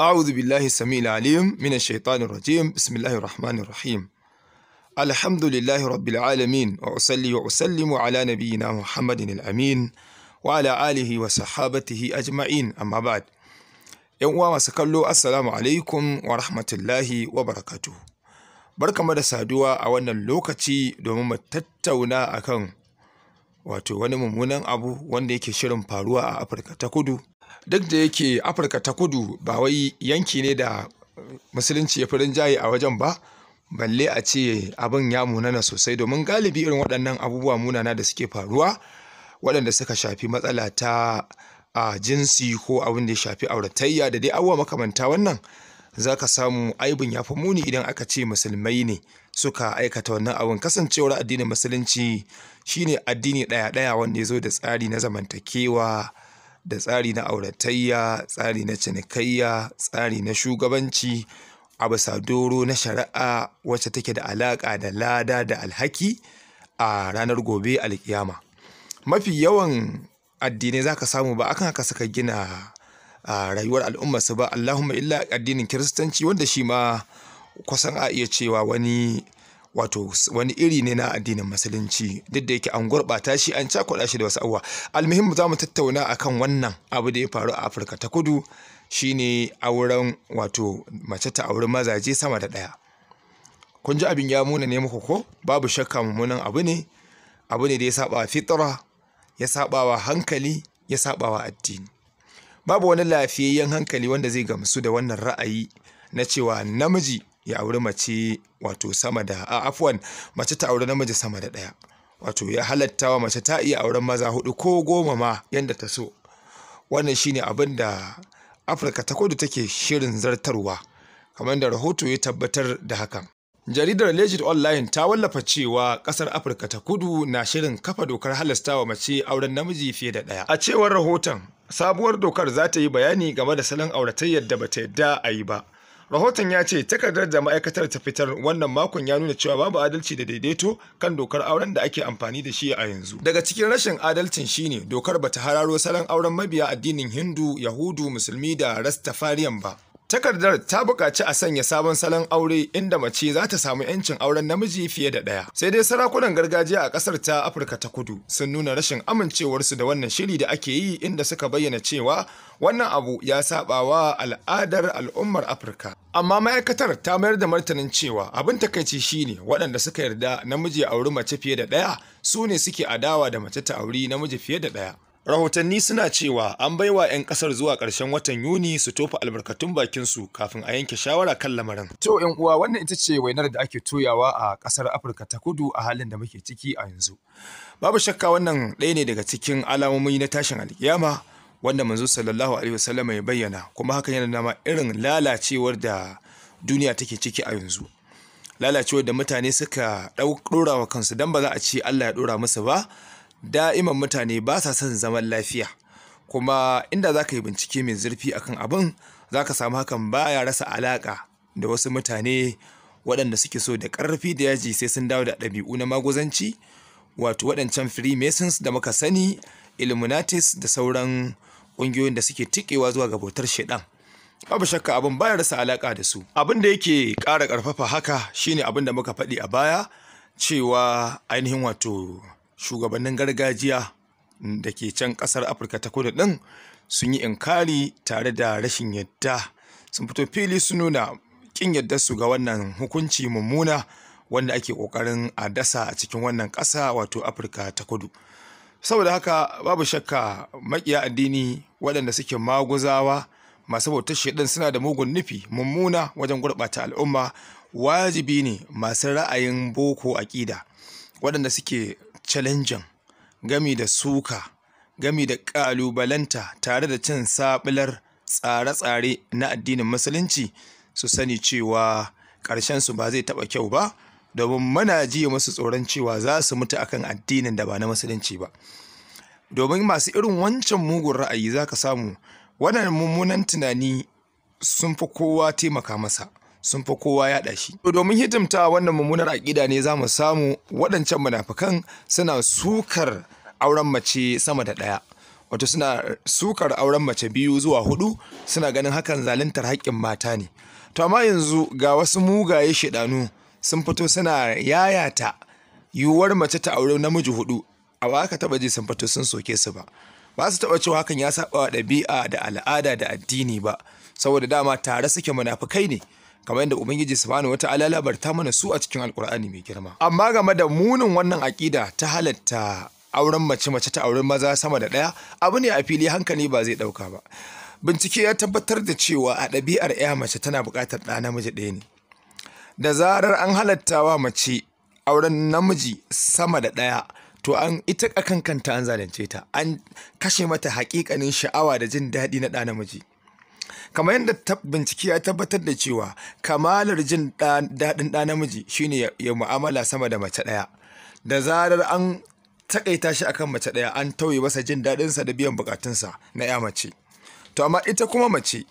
a'udhu billahi sami ilalim mina shaitani rajim bismillahi rahmani rahim alhamdulillahi rabbil alamin wa usalli wa usalli ala na biyi na muhammadin amin wa ala alihi wa sahabatihi a jima'in amma yan uwa masu kallo assalamu alaikum wa rahmatullahi wa barakatu bar kama saduwa a wannan lokaci domin mu a kan. wato wani mummunan abu wanda yake shirin faruwa a afirka ta kudu duk da yake afirka ta kudu ba wai yanki ne da musulunci ya fi rinjaye a wajen ba balle a ce abin ya munana sosai domin galibi irin waɗannan abubuwa munana da suke faruwa waɗanda suka shafi matsala ta a jinsi ko abin da ya shafi auratayya da dai abubuwa makamanta wannan za ka samu aibin ya fi muni idan aka ce musulmai ne suka aikata wannan abin kasancewar addinin musulunci shine addini ɗaya-ɗaya wanda ya zo da tsari na zamantakewa da tsari na auratayya tsari na cinikayya tsari na shugabanci a bisa doro na shari'a wacce take da alaƙa da lada da alhaki a ranar gobe alkiyama mafi yawan addinai za ka samu ba akan haka suka gina a rayuwar su ba allahumma illa addinin kiristanci wanda shi ma kusan a iya cewa wani wato wani iri ne na addinin musulunci duk da yake an gurɓata shi an cakuɗa shi da wasu abubuwa almuhim za mu tattauna akan wannan abu da ya faru a afirka ta kudu shine auren wato mace ta auri mazaje sama da ɗaya kun ji abin ya muna ne muku ko babu shakka mummunan abu ne abu ne da ya saɓa fitra ya saɓawa hankali ya saɓawa addini babu wani lafiyayyen hankali wanda zai gamsu da wannan ra'ayi na cewa namiji ya auri mace wato sama da a afwan mace ta auri namiji sama da ɗaya wato ya halatta wa mace ta iya auren maza hudu ko goma ma yadda ta so wannan shine abin da afirka ta kudu take shirin zartarwa kamar da rahoto ya tabbatar da hakan jaridar legit online ta wallafa cewa kasar afirka ta kudu na shirin kafa dokar halasta wa mace auren namiji fiye da ɗaya a cewar rahoton sabuwar dokar za ta yi bayani game da salon auratayyar da ba ta yadda a yi ba Rahoton ya ce takardar da ma'aikatar ta fitar wannan makon ya nuna cewa babu adalci da daidaito kan dokar auren da ake amfani da shi a yanzu. Daga cikin rashin adalcin shine dokar bata hararo salon auren mabiya addinin Hindu, Yahudu, Musulmi da Rastafarian ba. Takardar ta buƙaci a sanya sabon salon aure inda mace za ta samu 'yancin auren namiji fiye da ɗaya. Sai dai sarakunan gargajiya a ƙasar ta Afirka ta Kudu sun nuna rashin amincewarsu da wannan shiri da ake yi inda suka bayyana cewa wannan abu ya saɓawa al'adar al'ummar Afirka. amma ma'aikatar ta mayar da martanin cewa abin takaici shine waɗanda suka yarda namiji ya auri mace fiye da ɗaya su ne suke adawa da mace ta auri namiji fiye da ɗaya rahotanni suna cewa an bai wa 'yan ƙasar zuwa ƙarshen watan yuni su tofa albarkatun bakinsu kafin a yanke shawara kan lamarin to yan uwa wannan ita ce wainar da ake toyawa a ƙasar afirka ta kudu a halin da muke ciki a yanzu babu shakka wannan ɗaya ne daga cikin alamomi na tashin alkiyama wanda manzo sallallahu alaihi wasallam ya bayyana kuma hakan yana nama irin lalacewar da duniya take ciki a yanzu lalacewar da mutane suka dora wa kansu dan ba za a ce Allah ya dora musu ba da'iman mutane ba sa son zaman lafiya kuma inda za ka yi bincike mai zurfi akan abin za ka samu hakan baya rasa alaƙa da wasu mutane waɗanda suke so da ƙarfi da yaji sai sun dawo da ɗabi'u na magozanci wato waɗancan freemasons da muka sani illuminatis da sauran ƙungiyoyin da suke tikewa zuwa ga bautar shaidan babu shakka abin baya rasa alaka da su abin da yake kara karfafa haka shine abin da muka faɗi a baya cewa ainihin wato shugabannin gargajiya da ke can ƙasar afirka ta kudu ɗin sun yi inkari tare da rashin yadda sun fito fili su nuna kin yadda su ga wannan hukunci mummuna wanda ake ƙoƙarin a dasa a cikin wannan ƙasa wato afirka ta kudu saboda haka babu shakka makiya addini waɗanda suke maguzawa masu bautar shaidan suna da mugun nufi mummuna wajen gurɓata al'umma wajibi ne masu ra'ayin boko aƙida waɗanda suke challenging gami da suka gami da ƙalubalanta tare da cin sabilar tsare-tsare na addinin musulunci su sani cewa ƙarshen su ba zai taɓa kyau ba domin muna ji masu tsoron cewa za su mutu akan addinin da ba na musulunci ba domin masu irin wancan mugun ra'ayi za ka samu wannan mummunan tunani sun fi kowa taimaka masa sun fi kowa yaɗa shi. To domin hidimta wannan mummunar aƙida ne za mu samu waɗancan munafukan suna sukar auren mace sama da ɗaya. Wato suna sukar auren mace biyu zuwa hudu suna ganin hakan zaluntar haƙƙin mata ne. To amma yanzu ga wasu mugaye shiɗanu sun fito suna yayata yiwuwar mace ta aure namiji hudu a ba ka taba ji sun fito sun soke su ba ba su taba cewa hakan ya saba wa ɗabi'a da al'ada da addini ba saboda dama tare suke munafukai ne kamar yadda ubangiji subhanahu wataala labarta mana su a cikin alkur'ani mai girma amma game da munin wannan aƙida ta halatta auren mace mace ta auren maza sama da ɗaya abu ne a fili hankali ba zai ɗauka ba bincike ya tabbatar da cewa a ɗabi'ar 'ya mace tana buƙatar ɗa namiji ɗaya ne da zarar an halatta wa mace auren namiji sama da ɗaya to an ita akan kanta an zalunce ta an kashe mata hakikanin sha'awa da jin daɗi na ɗa namiji kamar yadda bincike ya tabbatar da cewa kamalar jin daɗin ɗa namiji shine ya mu'amala sama da mace ɗaya da zarar an taƙaita shi akan mace ɗaya an tauye masa jin daɗinsa da biyan buƙatunsa na ya mace to amma ita kuma mace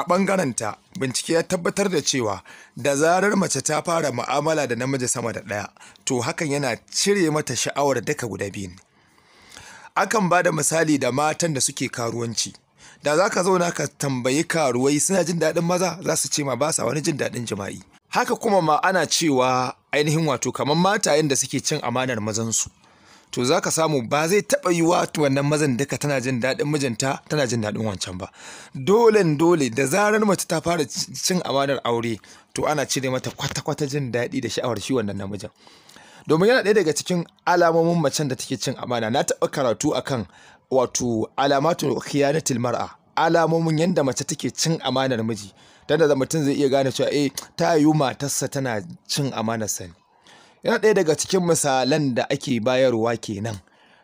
a ɓangaren ta, bincike ya tabbatar da cewa da zarar mace ta fara mu'amala da namiji sama da ɗaya to hakan yana cire mata sha'awar duka guda biyun akan ba da misali da matan da suke karuwanci da za ka zauna ka tambayi karuwai suna jin daɗin maza za su ce ma ba sa wani jin daɗin jima'i haka kuma ma ana cewa ainihin wato kamar matayen da suke cin amanar mazansu to za ka samu ba zai taɓa yi yiwa wannan mazan duka tana jin daɗin mijinta tana jin daɗin wancan ba dole dole da zarar mace ta fara cin amanar aure to ana cire mata kwata-kwata jin daɗi da sha'awar shi wannan namijin domin yana ɗaya daga cikin alamomin macen da take cin amana na taɓa karatu akan wato alamatu khiyanatil mar'a alamomin yadda mace take cin amanar miji tanda da mutum zai iya gane cewa eh ta yi matarsa tana cin amanar sani. yana ɗaya daga cikin misalan da ake bayarwa kenan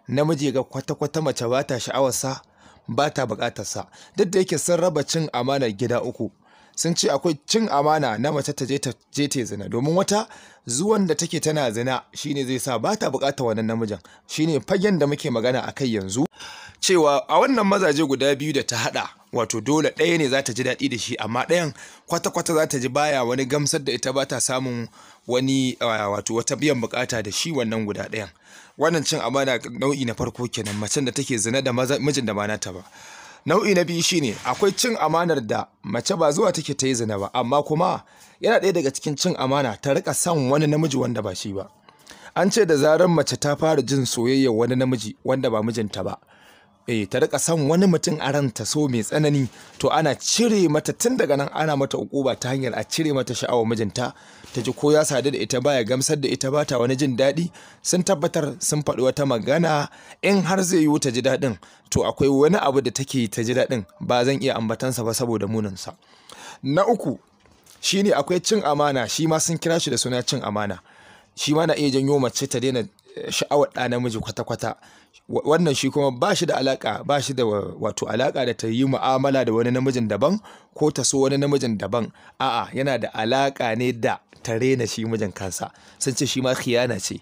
namiji ga kwata-kwata mace ba ta sha'awarsa ba ta buƙatarsa duk da yake sun raba cin amanar gida uku sun ce akwai cin amana na mace ta je ta zina domin wata zuwan da take tana zina shine zai sa ba ta buƙatar wannan namijin shine fagen da muke magana a kai yanzu cewa a wannan mazaje guda biyu da ta haɗa wato dole ɗaya ne za ta ji daɗi da shi amma ɗayan kwata-kwata za ta ji baya wani gamsar da ita ba ta samun wani wato wata biyan bukata da shi wannan guda ɗayan wannan cin amana nau'i na farko kenan macen da take zina da mijin da ba nata ba nau'i na biyu shine akwai cin amanar da mace ba zuwa take ta yi zina ba amma kuma yana ɗaya daga cikin cin amana ta rika son wani namiji wanda ba shi ba an ce da zarar mace ta fara jin soyayya wani namiji wanda ba mijinta ba eh ta rika son wani mutum a ta so mai tsanani to ana cire mata tun daga nan ana mata ukuba ta hanyar a cire mata sha'awar mijinta ta ji ko ya sadu da ita baya gamsar da ita bata wani jin daɗi sun tabbatar sun faɗi wata magana in har zai yiwu ta ji daɗin to akwai wani abu da take ta ji daɗin ba zan iya ambatansa ba saboda muninsa na uku shine akwai cin amana shi ma sun kira shi da suna cin amana shi ma na iya janyo mace ta daina sha'awar ɗa namiji kwata-kwata wannan shi kuma ba shi da alaƙa ba shi da wato alaƙa da ta yi mu'amala da wani namijin daban ko ta so wani namijin daban a'a yana da alaƙa ne da ta rena shi mijin kansa sun ce shi ma khiyana ce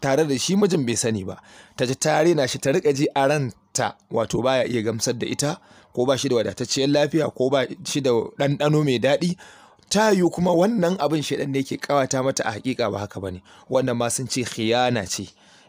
tare da shi mijin bai sani ba ta ji ta rena shi ta riƙa ji a ranta wato baya iya gamsar da ita ko ba shi da wadatacciyar lafiya ko ba shi da ɗanɗano mai daɗi ta yiwu kuma wannan abin shaidan ne ke kawata mata a hakika ba haka ba ne wannan ma sun ce khiyana ce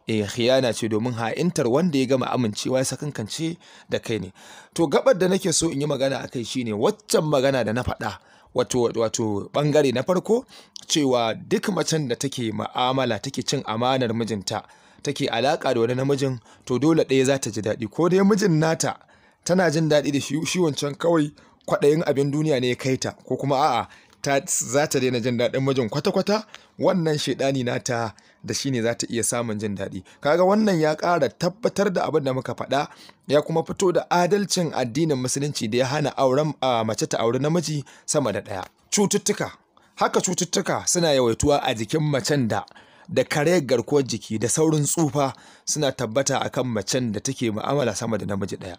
eh khiyana ce domin ha'intar wanda ya gama amincewa ya sakankance da kai ne to gabar da nake so in yi magana akai shine waccan magana da na faɗa wato wato bangare na farko cewa duk macen da take ma'amala take cin amanar mijinta take alaka da wani namijin to dole ɗaya za ta ji daɗi ko dai mijin nata tana jin daɗi da shi wancan kawai kwaɗayin abin duniya ne ya kai ta ko kuma a'a za ta daina jin daɗin mijin kwata-kwata wannan shaidani nata da shine za ta iya samun jin daɗi kaga wannan ya ƙara tabbatar da abin da muka faɗa ya kuma fito da adalcin addinin musulunci da ya hana auren a mace ta auri namiji sama da ɗaya cututtuka haka cututtuka suna yawaituwa a jikin macen da da kare garkuwar jiki da saurin tsufa suna tabbata akan macen da take mu'amala sama da namiji ɗaya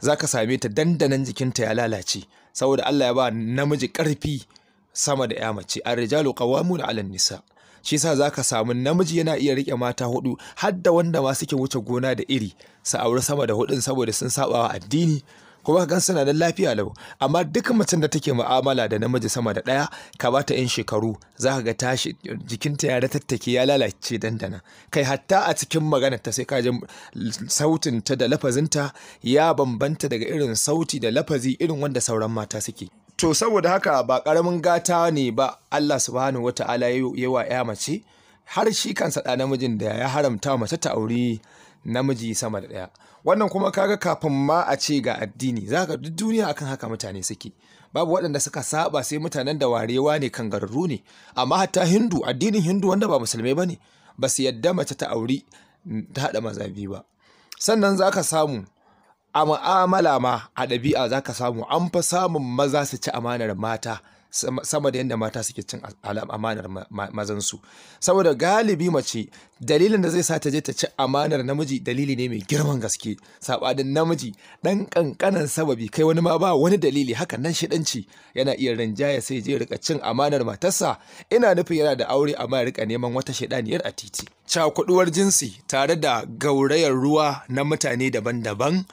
za ka same ta dandanan jikinta ya lalace saboda Allah ya ba namiji ƙarfi sama da ya mace arrijalu qawwamuna alan nisa shi sa za ka samu namiji yana iya rike mata hudu hadda da wanda ma suke wuce gona da iri su aure sama da hudun saboda sun sabawa addini kuma ka suna nan lafiya lau amma duk macen da take mu'amala da namiji sama da ɗaya ka ba ta 'yan shekaru za ka ga tashi jikinta ya ratattake ya lalace dandana kai hatta a cikin magana ta sai ka ji sautin ta da lafazinta ya bambanta daga irin sauti da lafazi irin wanda sauran mata suke to saboda haka ba ƙaramin gata ne ba Allah subhanahu wata'ala ya wa ya mace har shi kan saɗa namijin da ya haramta mace ta auri namiji sama da ɗaya wannan kuma kaga kafin ma a ce ga addini za ka duk duniya akan haka mutane suke babu waɗanda suka saba sai mutanen da warewa ne kan garuru ne amma hatta hindu addinin hindu wanda ba musulmai ba ne ba su yadda mace ta auri ta haɗa mazabi ba sannan za ka samu a mu'amala ma a ɗabi'a za ka samu an fa samun maza su ci amanar mata sama da yadda mata suke cin amanar mazansu saboda galibi mace dalilin da zai sa ta je ta ci amanar namiji dalili ne mai girman gaske sabanin namiji ɗan kankanan sababi kai wani ma ba wani dalili haka nan shiɗanci yana iya rinjaya sai je rika cin amanar matarsa ina nufin yana da aure amma ya rika neman wata shidaniyar a titi Cakuɗuwar jinsi tare da gaurayar ruwa na mutane daban-daban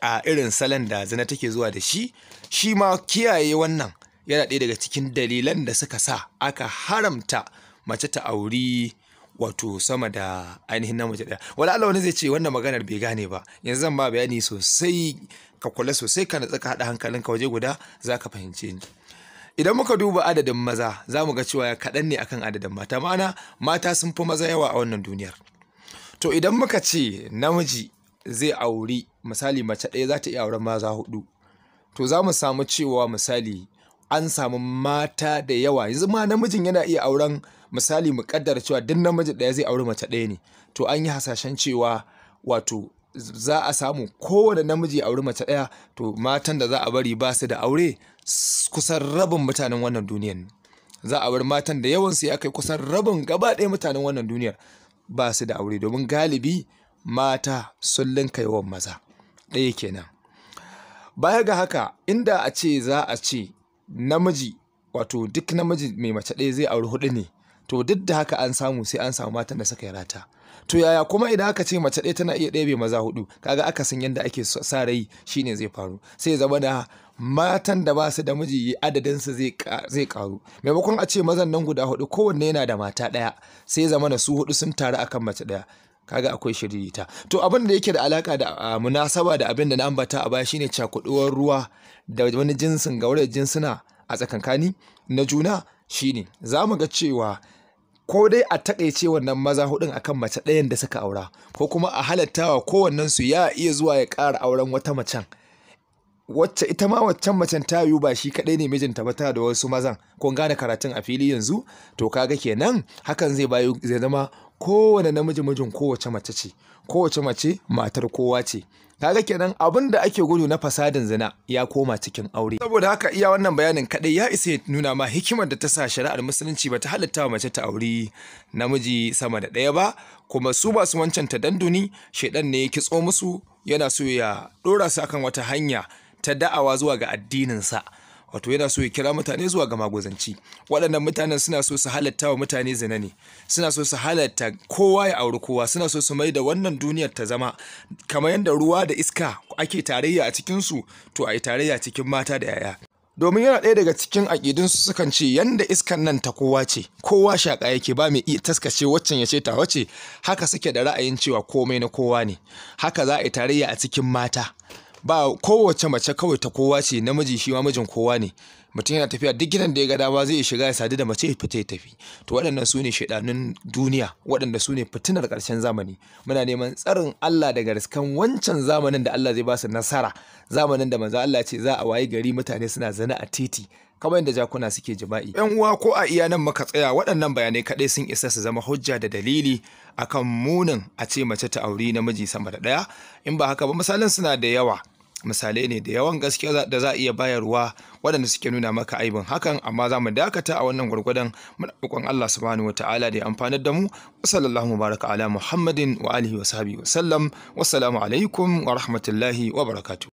a irin salon da zina take zuwa da shi shi ma kiyaye wannan yana ɗaya daga cikin dalilan da suka sa aka haramta mace ta auri wato sama da ainihin na mace ɗaya wala Allah wani zai ce wannan maganar bai gane ba yanzu zan ba bayani sosai ka kula sosai ka natsa ka haɗa hankalinka waje guda za ka fahimce ni idan muka duba adadin maza za mu ga cewa ya kaɗan ne akan adadin mata ma'ana mata sun fi maza yawa a wannan duniyar to idan muka ce namiji zai auri misali mace ɗaya za ta iya auren maza hudu to za mu samu cewa misali an samu mata da yawa yanzu ma namijin yana iya auren misali mu kaddara cewa duk namiji ɗaya zai auri mace ɗaya ne to an yi hasashen cewa wato za a samu kowane namiji ya auri mace ɗaya to matan da za a bari ba su da aure kusan rabin mutanen wannan duniyar za a bar matan da yawansu ya kai kusan rabin gaba ɗaya mutanen wannan duniyar ba su da aure domin galibi mata sun linka yawan maza ɗaya kenan baya ga haka inda a ce za a ce namiji wato duk namiji mai mace ɗaya zai auri hudu ne to duk da haka an samu sai an samu matan da suka yi rata to yaya kuma idan aka ce mace ɗaya tana iya ɗaya maza hudu kaga aka san yadda ake sa rai shine zai faru sai zama da matan da ba su da miji adadin su zai karu maimakon a ce mazan nan guda hudu kowanne yana da mata ɗaya sai zama da su hudu sun taru akan mace ɗaya kaga akwai shiririta to abin da yake da alaka da ah, munasaba da abin da na ambata a baya shine cakuduwar ruwa da wani jinsin gaurayar jinsuna a tsakankani na juna shine za mu ga cewa ko dai a takaice wannan maza hudun akan mace ɗayan da suka aura ko kuma a halattawa kowannen su ya iya zuwa ya ƙara auren wata macen wacce ita ma waccan macen ta yiwu ba shi kaɗai ne mijinta ba tana da wasu mazan ko gane karatun a fili yanzu to kaga kenan hakan zai bayu zai zama kowane namiji mijin kowace mace ce kowace mace matar kowa ce kaga kenan abin da ake gudu na fasadin zina ya koma cikin aure saboda haka iya wannan bayanin kaɗai, ya isa nuna ma hikimar da ta sa shari'ar musulunci ba ta halitta mace ta aure namiji sama da ɗaya ba kuma su masu wancan ta danduni shedan ne ya kitso musu yana so ya ɗora su akan wata hanya ta da'awa zuwa ga addininsa wato yana so ya kira mutane zuwa ga magozanci waɗannan mutanen suna so su halatta wa mutane zina ne suna so su halatta kowa ya auri kowa suna so su mai da wannan duniyar ta zama kamar yadda ruwa da iska ake tarayya a cikinsu to a yi tarayya cikin mata da yaya domin yana ɗaya daga cikin su sukan ce yanda iskan nan ta kowa ce kowa shaƙa yake ba mai iya taskace waccan ya ce ta wace haka suke da ra'ayin cewa komai na kowa ne haka za a yi tarayya a cikin mata ba kowace mace kawai ta kowa ce namiji shi ma mijin kowa ne mutum yana tafiya duk gidan da ya ga dama zai shiga ya sadu da mace ya fita ya tafi to waɗannan su ne shaidanun duniya waɗanda su ne fitinar ƙarshen zamani muna neman tsarin Allah daga riskan wancan zamanin da Allah zai ba su nasara zamanin da manzo Allah ce za a wayi gari mutane suna zana a titi kamar yadda jakuna suke jima'i. ‘Yan uwa ko a iya nan muka tsaya waɗannan bayanai kaɗai sun isa su zama hujja da dalili akan munin a ce mace ta auri namiji sama da ɗaya in ba haka ba misalin suna da yawa misalai ne da yawan gaske da za a iya bayarwa waɗanda suke nuna maka aibin hakan amma za mu dakata a wannan gwargwadon muna roƙon Allah subhanahu ta'ala da ya amfanar da mu wa sallallahu baraka ala muhammadin wa alihi wa sahbihi wa sallam wassalamu alaikum wa rahmatullahi wa barakatuh